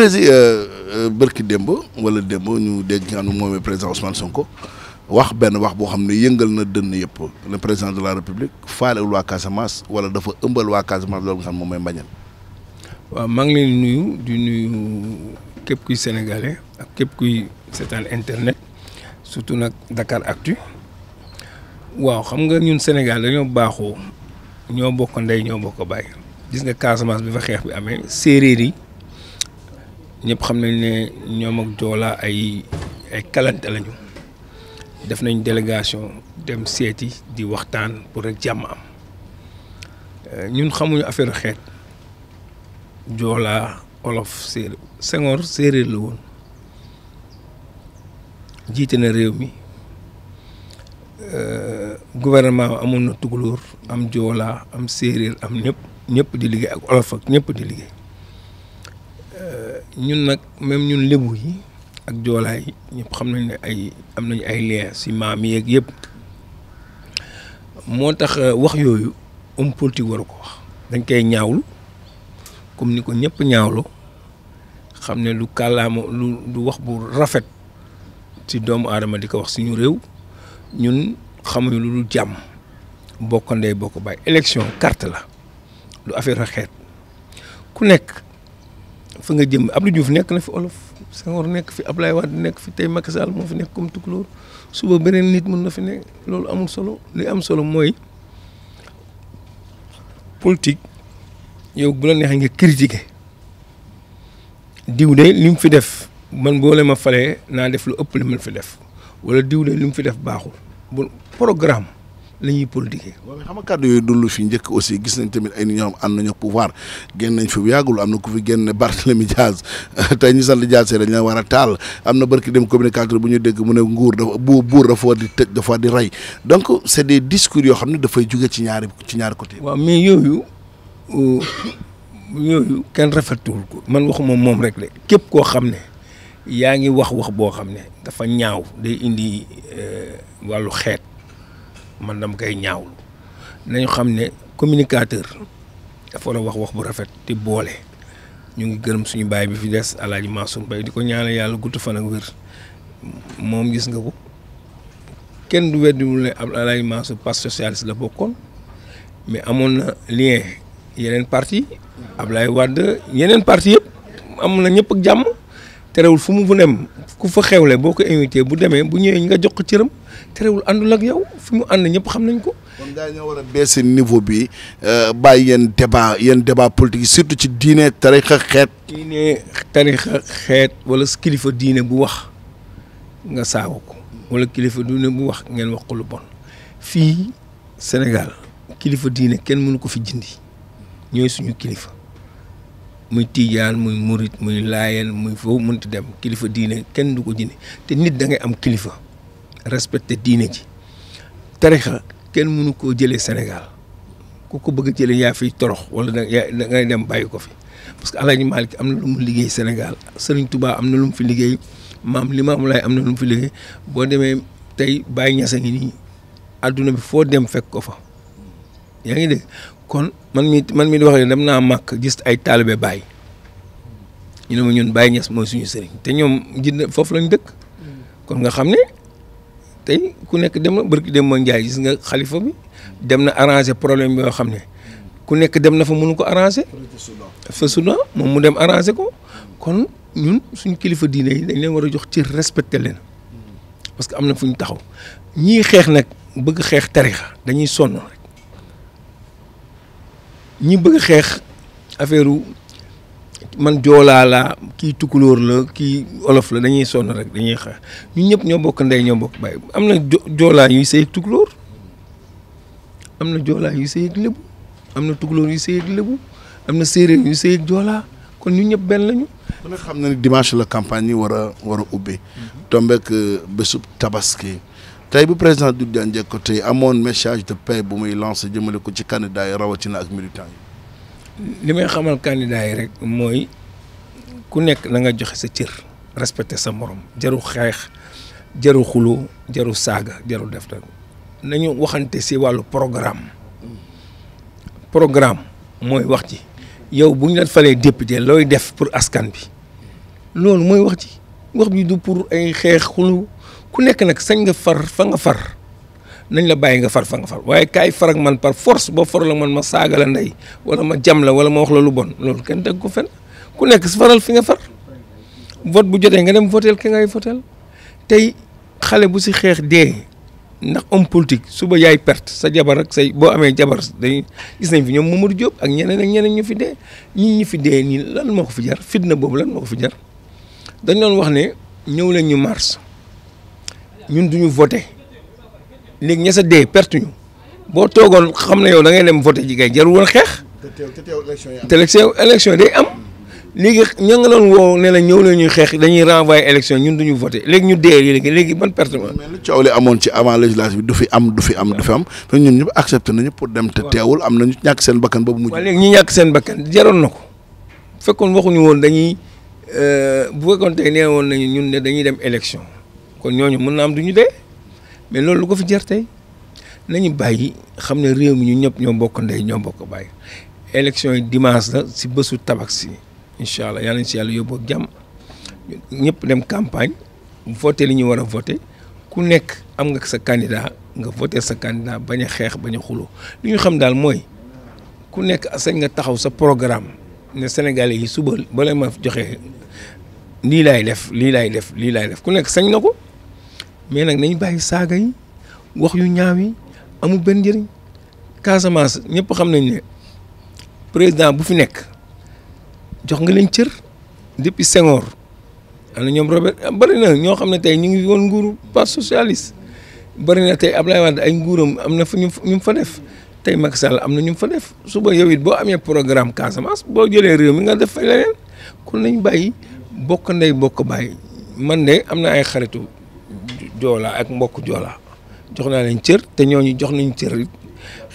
président euh, euh, bërki Dembo wala ñu dégg président Ousmane Sonko wax ben wax de xamné yëngal na le président de la république faalé Je Casamance wala dafa de Casamance nga xam mbañal. sénégalais ak képp kuy internet surtout nak Dakar Actu waaw xam nga ñun Sénégal dañoo baaxoo ñoo bokk ndey ñoo bokk bàyyi gis nga Casamance bi fa ñëpp xam nañ ne ñoom ak Joola ay ay kalante lañu def nañ délégation dem seeti di waxtaan pour rek jàmm am euh, ñun xamuñu affaire xeet Joola olof séeréer Senghor séeréer la woon jiite na réew mi euh, gouvernement amoon na tukulóor am Joola am séeréer am ñëpp ñëpp di liggéey ak Wolof ak ñëpp di liggéey. Euh, ñun nag même ñun lébu yi ak joolaay ñëpp xam nañ ne ay am nañu ay lien si maam yeeg yëpp moo tax euh, wax yooyu homme politique waru ko wax dañ koy ñaawlu comme ni ko ñëpp ñaawlu xam ne lu kàllaama lu lu wax bu rafet ci doomu aadama di ko wax suñu réew ñun xamuñu lu dul jàmm bokk ndey bokk baay élection carte la lu affaire a ku nekk fa nga jëm Abdou Diouf nekk na fi olof Senghor nekk fi Ablaye Wade nekk fi tey Macky Sall moo fi nekk comme tukulóor suba beneen nit mën na fi ne loolu amul solo li am solo mooy politique yow bu la neexee nga critiquer diw de li mu fi def man boo leen ma falee naa def lu ëpp li mu fi def wala diw de li mu fi def baaxul bon programme. la ñuy politiquer. waaw xam nga kàddu yooyu dund fi njëkk aussi gis nañ tamit ay nit ñoo xam am nañu pouvoir génn nañ fi bu yàggul am na ku fi génn Barthélemy Diaz tey ñu sant Diaz see dañ war a taal am na barki dem communicateur bu ñu dégg mu ne nguur dafa bu buur dafa war di tëj dafa rey donc c' est des discours yoo xam ne dafay jóge ci ñaari ci ñaari côté. waaw mais yooyu euh, yooyu kenn rafetuwul ko man wax moom moom rek de képp koo xam ne yaa ngi wax wax boo xam ne dafa ñaaw day indi euh, wàllu xeet. man dama koy ñaawlu nañu xam ne communicateur dafa war wax wax bu rafet te boole ñu ngi gërëm suñu baay bi fi des alaaji Mansour Mbaye di ko ñaanal yàlla gudd fan ak wér moom gis nga ko kenn du weddiwul ne alaaji Mansour parti socialiste la bokkoon mais amoon na lien yeneen parti Ablaye Wade yeneen parti yëpp am na ñëpp ak jàmm terewul fu mu bu dem ku fa xewle boo ko invité bu demee bu ñëwee nga jox ko cëram terewul àndul ak yow fi mu ànd ñëpp xam nañ ko. kon war a baisser niveau bi euh, bàyyi yenn débat yenn débat politique surtout ci diine tarixa xeet. diine tarixa xeet wala kilifa diine bu wax nga saago ko wala kilifa diine bu wax ngeen wax ko lu bon fii Sénégal kilifa diine kenn mënu ko fi jindi ñooy suñu kilifa. muy tidiane muy mourid muy layel muy fo munti dem kilifa diine kenn du ko jine te nit da ngay am kilifa respecté diine ji tarikha kenn munu ko jëlé sénégal ku ko bëgg jëlé ya fi torox wala da ngay dem bayiko fi parce que alhaji malik amna lu mu liggéey sénégal serigne touba amna lu mu fi liggéey mam limam lay amna lu mu fi liggéey bo démé tay bay ñassangi ni aduna bi fo dem fekk ko fa yaangi deg kon man mi man mi di wax dem naa màkk gis ay taalibe Baay ñu ne ma ñun Baay Ñas mooy suñu sëriñ te ñoom jidd foofu lañ dëkk kon nga xam ne tey ku nekk dem na barki dem ma Njaay gis nga xalifa bi dem na arrangé problème bi yoo xam ne ku nekk dem na fa mënu ko arrangé fa Soudan moom mu dem arrangé ko kon ñun suñ kilifa diine yi dañ leen war a jox ci respecté leen parce que am na fu ñu taxaw ñii xeex nag bëgg xeex tarixa dañuy sonn ñi bëgg xeex affaire man joolaa laa kii tukulóor la kii olof la dañuy sonn rek dañuy xeex ñu ñëpp ñoo bokk ndey ñoo bokk bàyyi am na joolaa yuy sëy ak tukulóor am na joolaa yuy sëy ak lébu am na tukulóor yuy sëy ak lébu am na séeréer yuy sëy ak joolaa kon ñu ñëpp benn lañu. ku ne xam na ni dimanche la campagne yi war war a ubbi. Mhm. tombeek euh, bésub tabaski. tey bu président du Diagne Diecko tey amoon message de paix bu muy lancé jëmale ko ci candidat yi rawatina ak militant yi. li may xamal candidat yi rek mooy ku nekk na nga joxe sa cër respecté sa moroom jaru xeex jaru xuloo jaru saaga jaru def nañu waxante si wàllu programme programme mooy wax ji yow bu ñu la falee député looy def pour askan bi loolu mooy wax ji wax bi du pour ay xeex xulu ku nekk nag sañ nga far fa nga far nañ la bàyyi nga far fa nga far waaye kaay far man par force boo faral ak man ma saaga la ndey wala ma jam la wala ma wax la lu bon loolu kenn teg ko fen ku nekk si faral fi nga far vote bu jotee nga dem votel ki ngay votel tey xale bu si xeex dee ndax homme politique suba yaay perte sa jabar ak say boo amee jabar dañuy gis nañ fi ñoom Mamadou Diop ak ñeneen ak ñeneen ñu fi dee ñi ñu fi dee nii lan moo ko fi jar fitna boobu lan moo ko fi jar dañ doon wax ne ñëw leen ñu mars ñun duñu voté léegi ña sa dee perte ñu boo toogoon xam ne yow da ngay dem voté ji kay jarul woon xeex. te élection élection day am léegi ña nga doon woo ne la ñëw la ñuy xeex dañuy renvoyer élection ñun duñu voté léegi ñu dee léegi léegi ban perte ma. mais lu coow li amoon ci avant législative bi du fi am du fi am du fi am ñun ñëpp accepté nañu pour dem te teewul am nañu ñàkk seen bakkan boobu mujj. waaw léegi ñu ñàkk seen bakkan jaroon na ko fekkoon waxuñu woon dañuy euh, bu fekkoon tey nee woon nañu ñun ne dañuy dem élection kon ñooñu mun na am du ñu dee mais loolu lu ko fi jar tey nañu bàyyi xam ne réew mi ñu ñëpp ñoo bokk ndey ñoo bokk bàyyi élection yi dimanche la si bësu tabax si incha allah yal nañ si yàlla yóbbu ak jàmm dem campagne voté li ñu war a voté ku nekk am nga sa candidat nga voté sa candidat bañ a xeex bañ a xuloo lu ñu xam daal mooy ku nekk sañ nga taxaw sa programme ne sénégalais yi suba bala ma joxe lii laay def lii laay def lii def ku nekk sañ na ko. mais nag nañ bàyyi saaga yi wax yu ñaaw yi amul benn njëriñ Casamance ñëpp xam nañ ne président bu fi nekk jox nga leen cër depuis Senghor am na ñoom Robert bari na ñoo xam ne tey ñu ngi woon nguuru parti socialiste bari na tey Ablaye Wade ay nguuram am na fa ñu ñu fa def tey Macky Sall am na ñu fa def suba yow it boo amee programme Casamance boo jëlee réew mi nga def fa kon nañ bàyyi bokk ndey bokk bàyyi man de am na ay xaritu. joola ak mbokk joola jox naa leen cër te ñoo ñu jox nañu cër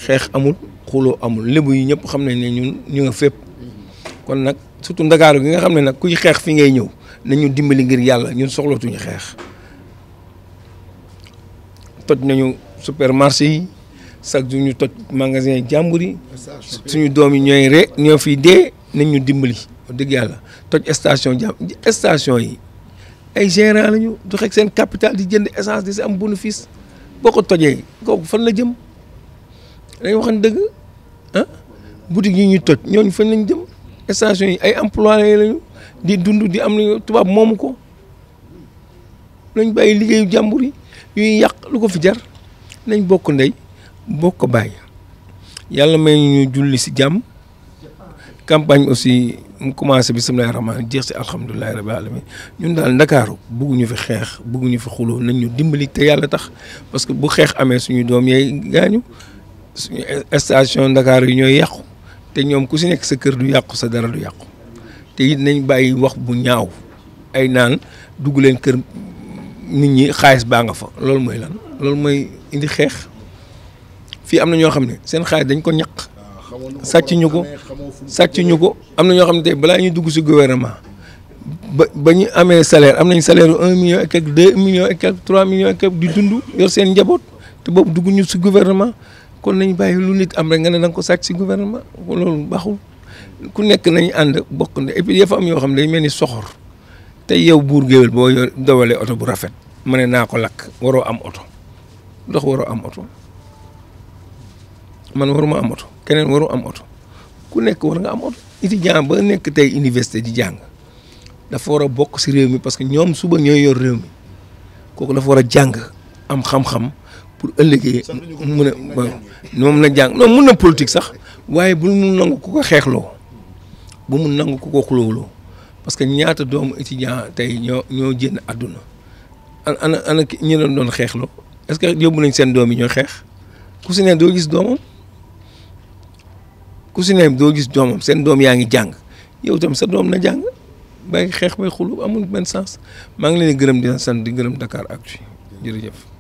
xeex amul xuloo amul lébu yi ñëpp xam nañ ne ñun ñu nga fépp kon nag surtout ndagaaru gi nga xam ne nag kuy xeex fi ngay ñëw nañu dimbali ngir yàlla ñun soxlootuñu xeex toj nañu supermarché yi chaque jour ñu toj magasin jàmbur yi suñu doom yi ñooy re ñoo fiy dee nañ ñu dimbali wax dëgg yàlla toj station jàmm station yi ay gérant lañu joxe seen capital di jënd essence di si am bénéfice boo ko tojee kooku fan la jëm dañu waxan dëgg ah boutique yi ñuy toj ñooñu fan lañ jëm station yi ay employé lañu di dund di am lu tubaab moomu ko nañ baay liggéeyu jàmbur yi ñuy yàq lu ko fi jar nañ bokk ndey bokk bàyyi yàlla may ñu julli si jàmm campagne aussi mu commencé bisimilah rahmaani jeex si alhamdulilah rabi alamin ñun daal ndakaaru bugguñu fi xeex bugguñu fi xuloo nañ ñu dimbali te yàlla tax parce que bu xeex amee suñu doom yay gaañu suñu station Dakar yi ñooy yàqu te ñoom ku si nekk sa kër du yàqu sa dara du yàqu te it nañ bàyyi wax bu ñaaw ay naan dugg leen kër nit ñi xaalis baa nga fa loolu mooy lan loolu mooy indi xeex fii am na ñoo xam ne seen xaalis dañ ko ñaq. sàcc ñu ko sàcc ñu ko am na ñoo xam ne tey balaa ñuy dugg si gouvernement ba ba ñu amee salaire am nañ salaire un million et quelque deux millions et quelque trois millions et quelque di dund yor seen njaboot te boobu dugg ñu si gouvernement kon nañ bàyyi lu nit am rek nga ne da nga ko sàcc si gouvernement loolu baaxul ku nekk nañu ànd bokk na et puis dafa am yoo xam ne day mel ni soxor tey yow buur géwél boo dawalee oto bu rafet ma naa ko lakk waroo am oto ndox waroo am oto man waruma am oto keneen waru am oto ku nekk war nga am oto étudiant ba nekk tey université di jàng dafa war a bokk si réew mi parce que ñoom suba ñooy yor réew mi kooku dafa war a jàng am xam-xam pour ëllëgee mun a moom na jàng non mun na politique sax waaye bu mu nangu ku ko xeexloo ba mun nangu ko ko xulooloo parce que ñaata doomu étudiant tey ñoo ñoo génn àdduna ana ana ñi doon doon xeexloo est-ce que yóbbu nañ seen doom yi ñoo xeex ku si ne doo gis doomam ku si ne doo gis doomam seen doom yaa ngi jàng yow tam sa doom na jàng bàyyi xeex bay xulu amul benn sens maa ngi leen di gërëm di sant di gërëm Dakar Actu jërëjëf.